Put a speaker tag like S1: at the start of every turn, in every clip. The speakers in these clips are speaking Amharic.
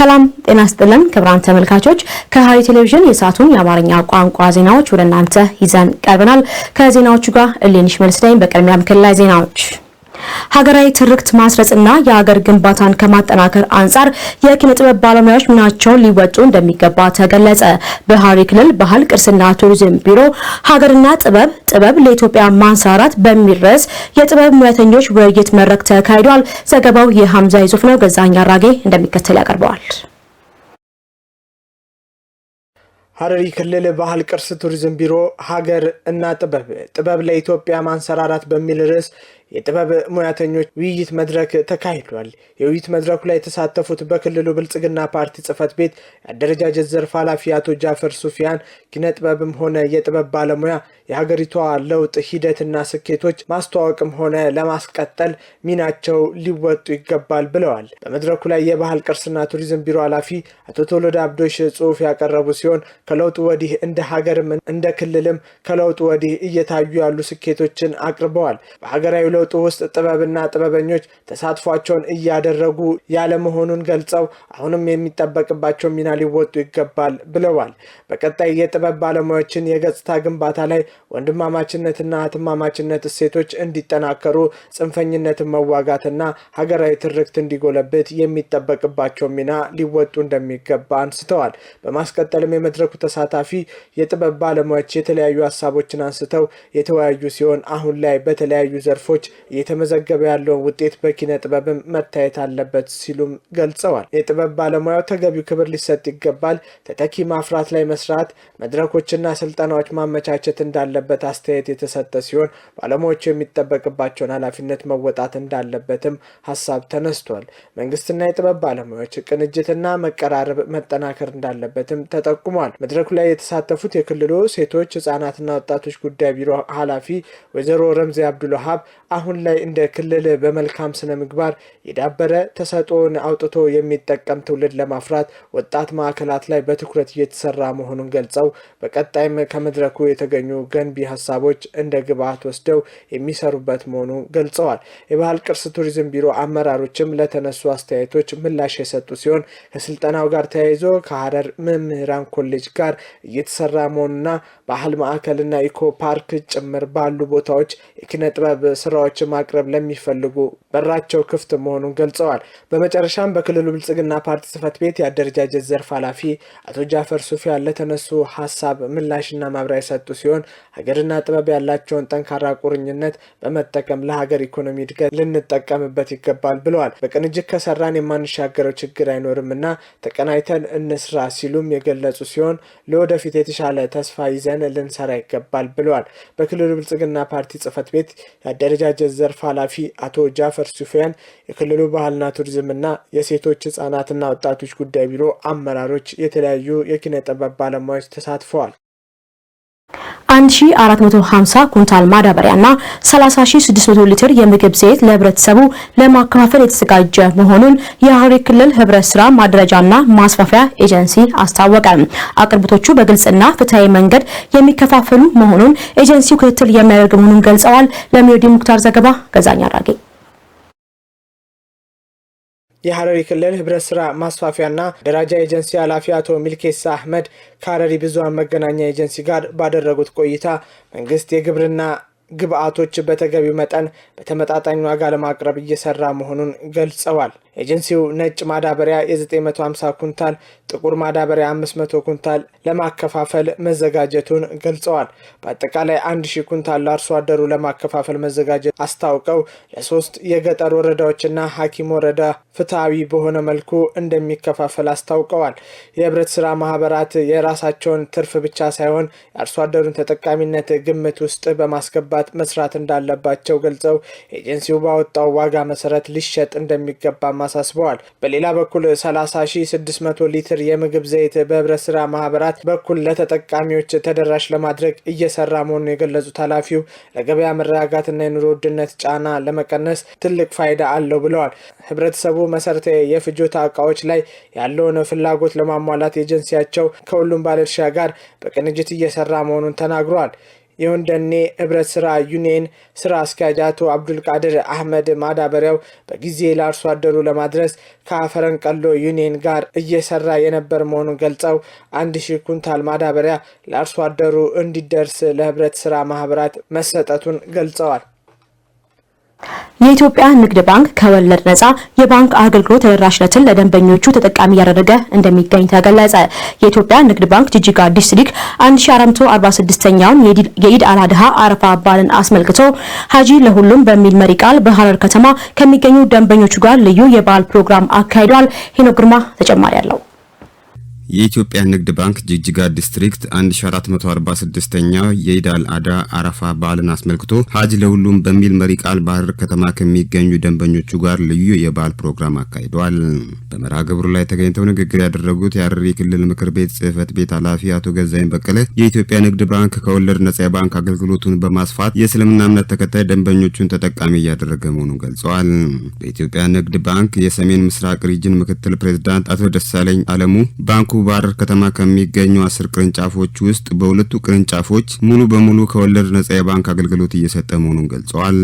S1: ሰላም ጤና ስጥልን ክብራን ተመልካቾች፣ ከሐረሪ ቴሌቪዥን የሰዓቱን የአማርኛ ቋንቋ ዜናዎች ወደ እናንተ ይዘን ቀርበናል። ከዜናዎቹ ጋር እሌንሽ መልስ ነኝ። በቅድሚያም ክልላዊ ዜናዎች ሀገራዊ ትርክት ማስረጽና የሀገር ግንባታን ከማጠናከር አንጻር የኪነ ጥበብ ባለሙያዎች ሚናቸውን ሊወጡ እንደሚገባ ተገለጸ። በሐረሪ ክልል ባህል ቅርስና ቱሪዝም ቢሮ ሀገርና ጥበብ ጥበብ ለኢትዮጵያ ማንሰራራት በሚል ርዕስ የጥበብ ሙያተኞች ውይይት መድረክ ተካሂዷል። ዘገባው የሐምዛ ይዙፍ ነው። ገዛኛ አራጌ እንደሚከተል ያቀርበዋል።
S2: ሐረሪ ክልል ባህል ቅርስ ቱሪዝም ቢሮ ሀገር እና ጥበብ ጥበብ ለኢትዮጵያ ማንሰራራት በሚል ርዕስ የጥበብ ሙያተኞች ውይይት መድረክ ተካሂዷል። የውይይት መድረኩ ላይ የተሳተፉት በክልሉ ብልጽግና ፓርቲ ጽህፈት ቤት የአደረጃጀት ዘርፍ ኃላፊ አቶ ጃፈር ሱፊያን ኪነ ጥበብም ሆነ የጥበብ ባለሙያ የሀገሪቷ ለውጥ ሂደትና ስኬቶች ማስተዋወቅም ሆነ ለማስቀጠል ሚናቸው ሊወጡ ይገባል ብለዋል። በመድረኩ ላይ የባህል ቅርስና ቱሪዝም ቢሮ ኃላፊ አቶ ቶሎዳ አብዶሽ ጽሁፍ ያቀረቡ ሲሆን ከለውጡ ወዲህ እንደ ሀገርም እንደ ክልልም ከለውጡ ወዲህ እየታዩ ያሉ ስኬቶችን አቅርበዋል። በሀገራዊ ለውጡ ውስጥ ጥበብና ጥበበኞች ተሳትፏቸውን እያደረጉ ያለመሆኑን ገልጸው አሁንም የሚጠበቅባቸው ሚና ሊወጡ ይገባል ብለዋል። በቀጣይ የጥበብ ባለሙያዎችን የገጽታ ግንባታ ላይ ወንድማማችነትና እህትማማችነት እሴቶች እንዲጠናከሩ፣ ጽንፈኝነትን መዋጋትና ሀገራዊ ትርክት እንዲጎለብት የሚጠበቅባቸው ሚና ሊወጡ እንደሚገባ አንስተዋል። በማስቀጠልም የመድረኩ ተሳታፊ የጥበብ ባለሙያዎች የተለያዩ ሀሳቦችን አንስተው የተወያዩ ሲሆን አሁን ላይ በተለያዩ ዘርፎች እየተመዘገበ ያለውን ውጤት በኪነ ጥበብም መታየት አለበት ሲሉም ገልጸዋል። የጥበብ ባለሙያው ተገቢው ክብር ሊሰጥ ይገባል። ተተኪ ማፍራት ላይ መስራት፣ መድረኮችና ስልጠናዎች ማመቻቸት እንዳለበት አስተያየት የተሰጠ ሲሆን ባለሙያዎቹ የሚጠበቅባቸውን ኃላፊነት መወጣት እንዳለበትም ሀሳብ ተነስቷል። መንግስትና የጥበብ ባለሙያዎች ቅንጅትና መቀራረብ መጠናከር እንዳለበትም ተጠቁሟል። መድረኩ ላይ የተሳተፉት የክልሉ ሴቶች ህጻናትና ወጣቶች ጉዳይ ቢሮ ኃላፊ ወይዘሮ ረምዚ አብዱልሀብ አሁን ላይ እንደ ክልል በመልካም ስነ ምግባር የዳበረ ተሰጥኦን አውጥቶ የሚጠቀም ትውልድ ለማፍራት ወጣት ማዕከላት ላይ በትኩረት እየተሰራ መሆኑን ገልጸው በቀጣይም ከመድረኩ የተገኙ ገንቢ ሀሳቦች እንደ ግብዓት ወስደው የሚሰሩበት መሆኑ ገልጸዋል። የባህል ቅርስ ቱሪዝም ቢሮ አመራሮችም ለተነሱ አስተያየቶች ምላሽ የሰጡ ሲሆን ከስልጠናው ጋር ተያይዞ ከሀረር መምህራን ኮሌጅ ጋር እየተሰራ መሆኑና ባህል ማዕከልና ኢኮ ፓርክ ጭምር ባሉ ቦታዎች የኪነ ጥበብ ስራዎች ስራዎችን ማቅረብ ለሚፈልጉ በራቸው ክፍት መሆኑን ገልጸዋል። በመጨረሻም በክልሉ ብልጽግና ፓርቲ ጽህፈት ቤት የአደረጃጀት ዘርፍ ኃላፊ አቶ ጃፈር ሱፊያን ለተነሱ ሀሳብ ምላሽና ማብራሪያ የሰጡ ሲሆን ሀገርና ጥበብ ያላቸውን ጠንካራ ቁርኝነት በመጠቀም ለሀገር ኢኮኖሚ እድገት ልንጠቀምበት ይገባል ብለዋል። በቅንጅት ከሰራን የማንሻገረው ችግር አይኖርም እና ተቀናይተን እንስራ ሲሉም የገለጹ ሲሆን ለወደፊት የተሻለ ተስፋ ይዘን ልንሰራ ይገባል ብለዋል። በክልሉ ብልጽግና ፓርቲ ጽህፈት ቤት የአደረጃ የወዳጅ ዘርፍ ኃላፊ አቶ ጃፈር ሱፊያን፣ የክልሉ ባህልና ቱሪዝምና የሴቶች ህጻናትና ወጣቶች ጉዳይ ቢሮ አመራሮች፣ የተለያዩ የኪነ ጥበብ ባለሙያዎች ተሳትፈዋል።
S1: 1450 ኩንታል ማዳበሪያና 30600 ሊትር የምግብ ዘይት ለህብረተሰቡ ለማከፋፈል የተዘጋጀ መሆኑን የሐረሪ ክልል ህብረት ስራ ማደረጃና ማስፋፊያ ኤጀንሲ አስታወቀ። አቅርቦቶቹ በግልጽና ፍትሃዊ መንገድ የሚከፋፈሉ መሆኑን ኤጀንሲው ክትትል የሚያደርግ መሆኑን ገልጸዋል። ለሚዮዲ ሙክታር ዘገባ ገዛኛ አራጌ
S2: የሀረሪ ክልል ህብረት ስራ ማስፋፊያና ደራጃ ኤጀንሲ ኃላፊ አቶ ሚልኬሳ አህመድ ከሀረሪ ብዙሀን መገናኛ ኤጀንሲ ጋር ባደረጉት ቆይታ መንግስት የግብርና ግብዓቶች በተገቢው መጠን በተመጣጣኝ ዋጋ ለማቅረብ እየሰራ መሆኑን ገልጸዋል። ኤጀንሲው ነጭ ማዳበሪያ የ950 ኩንታል፣ ጥቁር ማዳበሪያ 500 ኩንታል ለማከፋፈል መዘጋጀቱን ገልጸዋል። በአጠቃላይ 1000 ኩንታል ለአርሶ አደሩ ለማከፋፈል መዘጋጀት አስታውቀው ለሶስት የገጠር ወረዳዎችና ሀኪም ወረዳ ፍትሐዊ በሆነ መልኩ እንደሚከፋፈል አስታውቀዋል። የህብረት ስራ ማህበራት የራሳቸውን ትርፍ ብቻ ሳይሆን የአርሶ አደሩን ተጠቃሚነት ግምት ውስጥ በማስገባት መስራት እንዳለባቸው ገልጸው ኤጀንሲው ባወጣው ዋጋ መሰረት ሊሸጥ እንደሚገባ አሳስበዋል። በሌላ በኩል 30600 ሊትር የምግብ ዘይት በህብረት ስራ ማህበራት በኩል ለተጠቃሚዎች ተደራሽ ለማድረግ እየሰራ መሆኑን የገለጹት ኃላፊው ለገበያ መረጋጋትና የኑሮ ውድነት ጫና ለመቀነስ ትልቅ ፋይዳ አለው ብለዋል። ህብረተሰቡ መሰረታዊ የፍጆታ እቃዎች ላይ ያለውን ፍላጎት ለማሟላት ኤጀንሲያቸው ከሁሉም ባለድርሻ ጋር በቅንጅት እየሰራ መሆኑን ተናግሯል። የወንደኔ ህብረት ስራ ዩኒየን ስራ አስኪያጅ አቶ አብዱልቃድር አህመድ ማዳበሪያው በጊዜ ለአርሶ አደሩ ለማድረስ ከፈረንቀሎ ዩኒየን ጋር እየሰራ የነበር መሆኑን ገልጸው አንድ ሺህ ኩንታል ማዳበሪያ ለአርሶ አደሩ እንዲደርስ ለህብረት ስራ ማህበራት መሰጠቱን ገልጸዋል።
S1: የኢትዮጵያ ንግድ ባንክ ከወለድ ነጻ የባንክ አገልግሎት ተደራሽነትን ለደንበኞቹ ተጠቃሚ እያደረገ እንደሚገኝ ተገለጸ። የኢትዮጵያ ንግድ ባንክ ጅጅጋ ዲስትሪክት 1446ኛውን የኢድ አላድሃ አረፋ በዓልን አስመልክቶ ሀጂ ለሁሉም በሚል መሪ ቃል በሀረር ከተማ ከሚገኙ ደንበኞቹ ጋር ልዩ የበዓል ፕሮግራም አካሂዷል። ሄኖ ግርማ ተጨማሪ አለው።
S3: የኢትዮጵያ ንግድ ባንክ ጅግጅጋ ዲስትሪክት 1446ኛው የኢዳል አዳ አረፋ በዓልን አስመልክቶ ሀጅ ለሁሉም በሚል መሪ ቃል ባህር ከተማ ከሚገኙ ደንበኞቹ ጋር ልዩ የበዓል ፕሮግራም አካሂደዋል። በመርሃ ግብሩ ላይ ተገኝተው ንግግር ያደረጉት የሐረሪ ክልል ምክር ቤት ጽህፈት ቤት ኃላፊ አቶ ገዛይን በቀለ የኢትዮጵያ ንግድ ባንክ ከወለድ ነጻ የባንክ አገልግሎቱን በማስፋት የእስልምና እምነት ተከታይ ደንበኞቹን ተጠቃሚ እያደረገ መሆኑን ገልጸዋል። በኢትዮጵያ ንግድ ባንክ የሰሜን ምስራቅ ሪጅን ምክትል ፕሬዚዳንት አቶ ደሳለኝ አለሙ ባንኩ ሀረር ከተማ ከሚገኙ አስር ቅርንጫፎች ውስጥ በሁለቱ ቅርንጫፎች ሙሉ በሙሉ ከወለድ ነጻ የባንክ አገልግሎት እየሰጠ መሆኑን ገልጸዋል።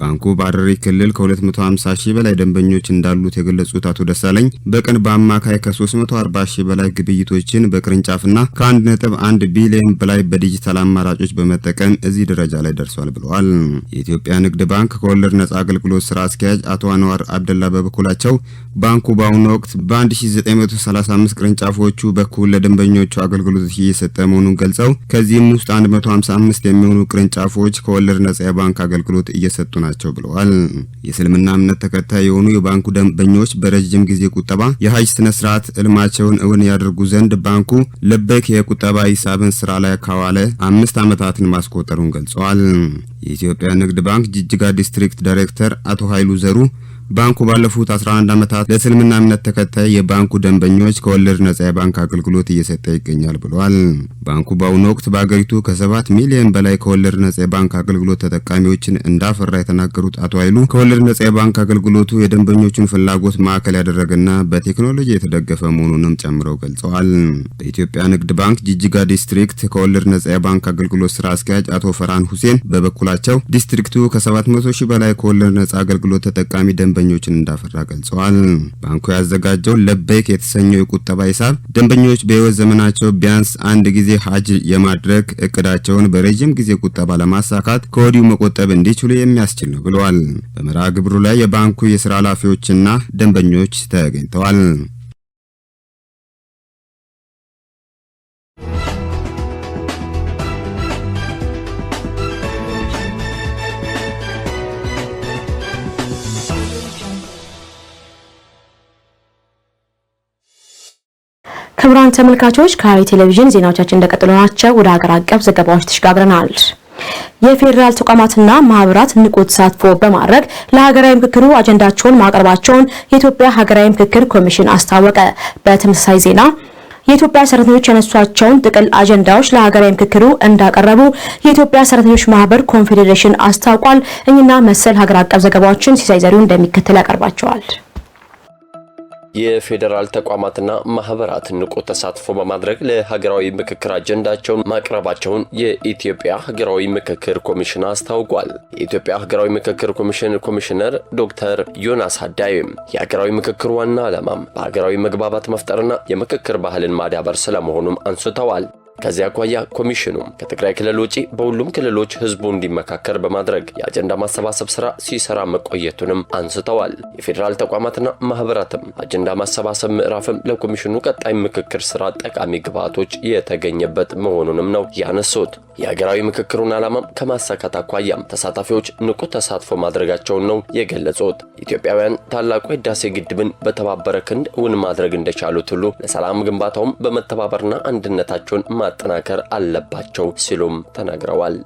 S3: ባንኩ በሐረሪ ክልል ከ250 ሺህ በላይ ደንበኞች እንዳሉት የገለጹት አቶ ደሳለኝ በቀን በአማካይ ከ340 ሺህ በላይ ግብይቶችን በቅርንጫፍና ከ1.1 ቢሊዮን በላይ በዲጂታል አማራጮች በመጠቀም እዚህ ደረጃ ላይ ደርሷል ብለዋል። የኢትዮጵያ ንግድ ባንክ ከወለድ ነጻ አገልግሎት ስራ አስኪያጅ አቶ አንዋር አብደላ በበኩላቸው ባንኩ በአሁኑ ወቅት በ1935 ቅርንጫፎቹ በኩል ለደንበኞቹ አገልግሎት እየሰጠ መሆኑን ገልጸው ከዚህም ውስጥ 155 የሚሆኑ ቅርንጫፎች ከወለድ ነጻ የባንክ አገልግሎት እየሰጡ ናቸው ናቸው ብለዋል። የእስልምና እምነት ተከታይ የሆኑ የባንኩ ደንበኞች በረዥም ጊዜ ቁጠባ የሀጅ ስነ ስርዓት እልማቸውን እውን ያደርጉ ዘንድ ባንኩ ለበክ የቁጠባ ሂሳብን ስራ ላይ ካዋለ አምስት ዓመታትን ማስቆጠሩን ገልጸዋል። የኢትዮጵያ ንግድ ባንክ ጅጅጋ ዲስትሪክት ዳይሬክተር አቶ ኃይሉ ዘሩ ባንኩ ባለፉት 11 ዓመታት ለእስልምና እምነት ተከታይ የባንኩ ደንበኞች ከወለድ ነጻ የባንክ አገልግሎት እየሰጠ ይገኛል ብሏል። ባንኩ በአሁኑ ወቅት በአገሪቱ ከሰባት ሚሊዮን በላይ ከወለድ ነጻ የባንክ አገልግሎት ተጠቃሚዎችን እንዳፈራ የተናገሩት አቶ ኃይሉ ከወለድ ነጻ የባንክ አገልግሎቱ የደንበኞቹን ፍላጎት ማዕከል ያደረገና በቴክኖሎጂ የተደገፈ መሆኑንም ጨምረው ገልጸዋል። በኢትዮጵያ ንግድ ባንክ ጅጅጋ ዲስትሪክት ከወለድ ነጻ የባንክ አገልግሎት ስራ አስኪያጅ አቶ ፈርሃን ሁሴን በበኩላቸው ዲስትሪክቱ ከ700 ሺህ በላይ ከወለድ ነጻ አገልግሎት ተጠቃሚ ደንበ ደንበኞችን እንዳፈራ ገልጸዋል። ባንኩ ያዘጋጀው ለበይክ የተሰኘው የቁጠባ ሂሳብ ደንበኞች በህይወት ዘመናቸው ቢያንስ አንድ ጊዜ ሀጅ የማድረግ እቅዳቸውን በረዥም ጊዜ ቁጠባ ለማሳካት ከወዲሁ መቆጠብ እንዲችሉ የሚያስችል ነው ብለዋል። በመርሃ ግብሩ ላይ የባንኩ የስራ ኃላፊዎችና ደንበኞች ተገኝተዋል።
S1: ክቡራን ተመልካቾች ከሐረሪ ቴሌቪዥን ዜናዎቻችን እንደቀጠሉ ናቸው። ወደ ሀገር አቀፍ ዘገባዎች ተሸጋግረናል። የፌዴራል ተቋማትና ማህበራት ንቁ ተሳትፎ በማድረግ ለሀገራዊ ምክክሩ አጀንዳቸውን ማቅረባቸውን የኢትዮጵያ ሀገራዊ ምክክር ኮሚሽን አስታወቀ። በተመሳሳይ ዜና የኢትዮጵያ ሰራተኞች ያነሷቸውን ጥቅል አጀንዳዎች ለሀገራዊ ምክክሩ እንዳቀረቡ የኢትዮጵያ ሰራተኞች ማህበር ኮንፌዴሬሽን አስታውቋል። እኝና መሰል ሀገር አቀፍ ዘገባዎችን ሲሳይ ዘሪሁን እንደሚከተል ያቀርባቸዋል።
S4: የፌዴራል ተቋማትና ማህበራት ንቁ ተሳትፎ በማድረግ ለሀገራዊ ምክክር አጀንዳቸውን ማቅረባቸውን የኢትዮጵያ ሀገራዊ ምክክር ኮሚሽን አስታውቋል። የኢትዮጵያ ሀገራዊ ምክክር ኮሚሽን ኮሚሽነር ዶክተር ዮናስ አዳይም የሀገራዊ ምክክር ዋና ዓላማም በሀገራዊ መግባባት መፍጠርና የምክክር ባህልን ማዳበር ስለመሆኑም አንስተዋል። ከዚያ አኳያ ኮሚሽኑ ከትግራይ ክልል ውጪ በሁሉም ክልሎች ህዝቡ እንዲመካከር በማድረግ የአጀንዳ ማሰባሰብ ስራ ሲሰራ መቆየቱንም አንስተዋል። የፌዴራል ተቋማትና ማህበራትም አጀንዳ ማሰባሰብ ምዕራፍም ለኮሚሽኑ ቀጣይ ምክክር ስራ ጠቃሚ ግብዓቶች የተገኘበት መሆኑንም ነው ያነሱት። የሀገራዊ ምክክሩን ዓላማም ከማሳካት አኳያም ተሳታፊዎች ንቁ ተሳትፎ ማድረጋቸውን ነው የገለጹት። ኢትዮጵያውያን ታላቁ የህዳሴ ግድብን በተባበረ ክንድ እውን ማድረግ እንደቻሉት ሁሉ ለሰላም ግንባታውም በመተባበርና አንድነታቸውን ማጠናከር አለባቸው ሲሉም ተናግረዋል።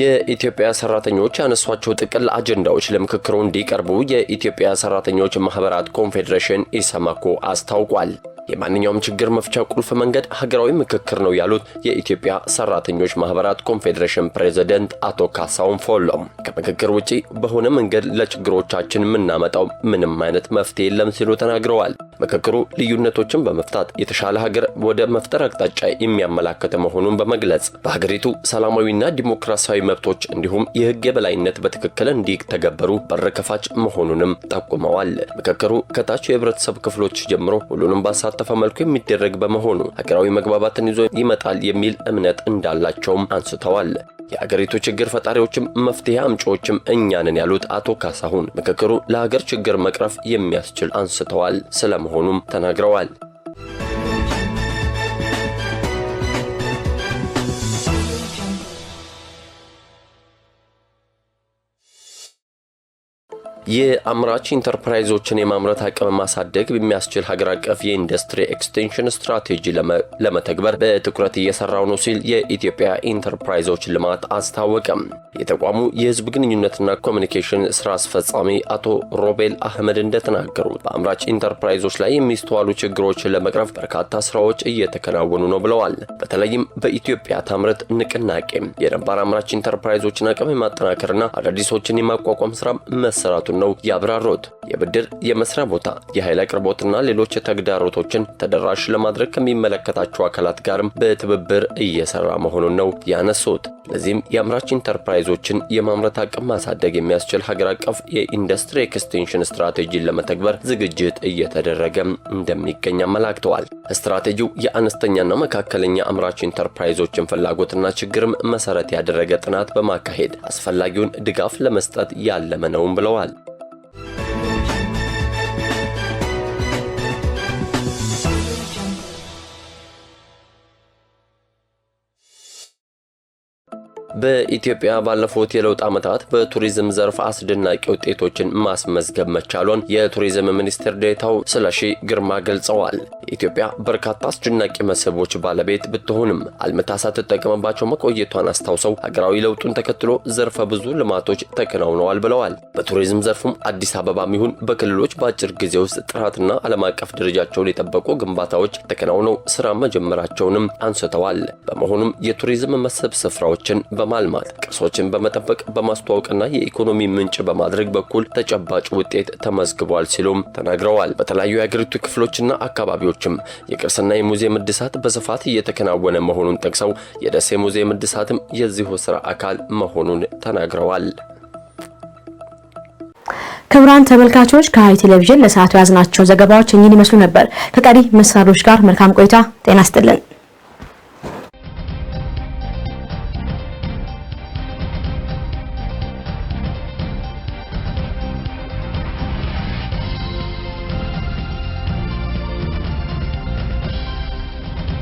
S4: የኢትዮጵያ ሰራተኞች ያነሷቸው ጥቅል አጀንዳዎች ለምክክሩ እንዲቀርቡ የኢትዮጵያ ሰራተኞች ማህበራት ኮንፌዴሬሽን ኢሰማኮ አስታውቋል። የማንኛውም ችግር መፍቻ ቁልፍ መንገድ ሀገራዊ ምክክር ነው ያሉት የኢትዮጵያ ሰራተኞች ማህበራት ኮንፌዴሬሽን ፕሬዝደንት አቶ ካሳውን ፎሎም ከምክክር ውጪ በሆነ መንገድ ለችግሮቻችን የምናመጣው ምንም አይነት መፍትሄ የለም ሲሉ ተናግረዋል። ምክክሩ ልዩነቶችን በመፍታት የተሻለ ሀገር ወደ መፍጠር አቅጣጫ የሚያመላከተ መሆኑን በመግለጽ በሀገሪቱ ሰላማዊና ዲሞክራሲያዊ መብቶች እንዲሁም የህግ የበላይነት በትክክል እንዲተገበሩ በር ከፋች መሆኑንም ጠቁመዋል። ምክክሩ ከታች የህብረተሰብ ክፍሎች ጀምሮ ሁሉንም ባሳተፈ መልኩ የሚደረግ በመሆኑ ሀገራዊ መግባባትን ይዞ ይመጣል የሚል እምነት እንዳላቸውም አንስተዋል። የአገሪቱ ችግር ፈጣሪዎችም መፍትሄ አምጪዎችም እኛንን ያሉት አቶ ካሳሁን ምክክሩ ለሀገር ችግር መቅረፍ የሚያስችል አንስተዋል። ስለመሆኑም ተናግረዋል። የአምራች ኢንተርፕራይዞችን የማምረት አቅም ማሳደግ በሚያስችል ሀገር አቀፍ የኢንዱስትሪ ኤክስቴንሽን ስትራቴጂ ለመተግበር በትኩረት እየሰራው ነው ሲል የኢትዮጵያ ኢንተርፕራይዞች ልማት አስታወቀም። የተቋሙ የህዝብ ግንኙነትና ኮሚኒኬሽን ስራ አስፈጻሚ አቶ ሮቤል አህመድ እንደተናገሩት በአምራች ኢንተርፕራይዞች ላይ የሚስተዋሉ ችግሮችን ለመቅረፍ በርካታ ስራዎች እየተከናወኑ ነው ብለዋል። በተለይም በኢትዮጵያ ታምርት ንቅናቄ የነባር አምራች ኢንተርፕራይዞችን አቅም የማጠናከርና አዳዲሶችን የማቋቋም ስራ መሰራቱ መሆናቸውን ነው ያብራሩት። የብድር የመስሪያ ቦታ፣ የኃይል አቅርቦትና ሌሎች ተግዳሮቶችን ተደራሽ ለማድረግ ከሚመለከታቸው አካላት ጋርም በትብብር እየሰራ መሆኑን ነው ያነሱት። ለዚህም የአምራች ኢንተርፕራይዞችን የማምረት አቅም ማሳደግ የሚያስችል ሀገር አቀፍ የኢንዱስትሪ ኤክስቴንሽን ስትራቴጂን ለመተግበር ዝግጅት እየተደረገም እንደሚገኝ አመላክተዋል። ስትራቴጂው የአነስተኛና መካከለኛ አምራች ኢንተርፕራይዞችን ፍላጎትና ችግርም መሰረት ያደረገ ጥናት በማካሄድ አስፈላጊውን ድጋፍ ለመስጠት ያለመ ነውም ብለዋል። በኢትዮጵያ ባለፉት የለውጥ ዓመታት በቱሪዝም ዘርፍ አስደናቂ ውጤቶችን ማስመዝገብ መቻሏን የቱሪዝም ሚኒስትር ዴታው ስለሺ ግርማ ገልጸዋል። ኢትዮጵያ በርካታ አስደናቂ መስህቦች ባለቤት ብትሆንም አልምታ ሳትጠቀምባቸው መቆየቷን አስታውሰው ሀገራዊ ለውጡን ተከትሎ ዘርፈ ብዙ ልማቶች ተከናውነዋል ብለዋል። በቱሪዝም ዘርፉም አዲስ አበባም ይሁን በክልሎች በአጭር ጊዜ ውስጥ ጥራትና ዓለም አቀፍ ደረጃቸውን የጠበቁ ግንባታዎች ተከናውነው ስራ መጀመራቸውንም አንስተዋል። በመሆኑም የቱሪዝም መስህብ ስፍራዎችን በ በማልማት ቅርሶችን በመጠበቅ በማስተዋወቅና የኢኮኖሚ ምንጭ በማድረግ በኩል ተጨባጭ ውጤት ተመዝግቧል ሲሉም ተናግረዋል። በተለያዩ የሀገሪቱ ክፍሎችና አካባቢዎችም የቅርስና የሙዚየም እድሳት በስፋት እየተከናወነ መሆኑን ጠቅሰው የደሴ ሙዚየም እድሳትም የዚሁ ስራ አካል መሆኑን ተናግረዋል።
S1: ክቡራን ተመልካቾች ከሀይ ቴሌቪዥን ለሰዓቱ የያዝናቸው ዘገባዎች እኚህን ይመስሉ ነበር። ከቀሪ መሰናዶች ጋር መልካም ቆይታ። ጤና ይስጥልን።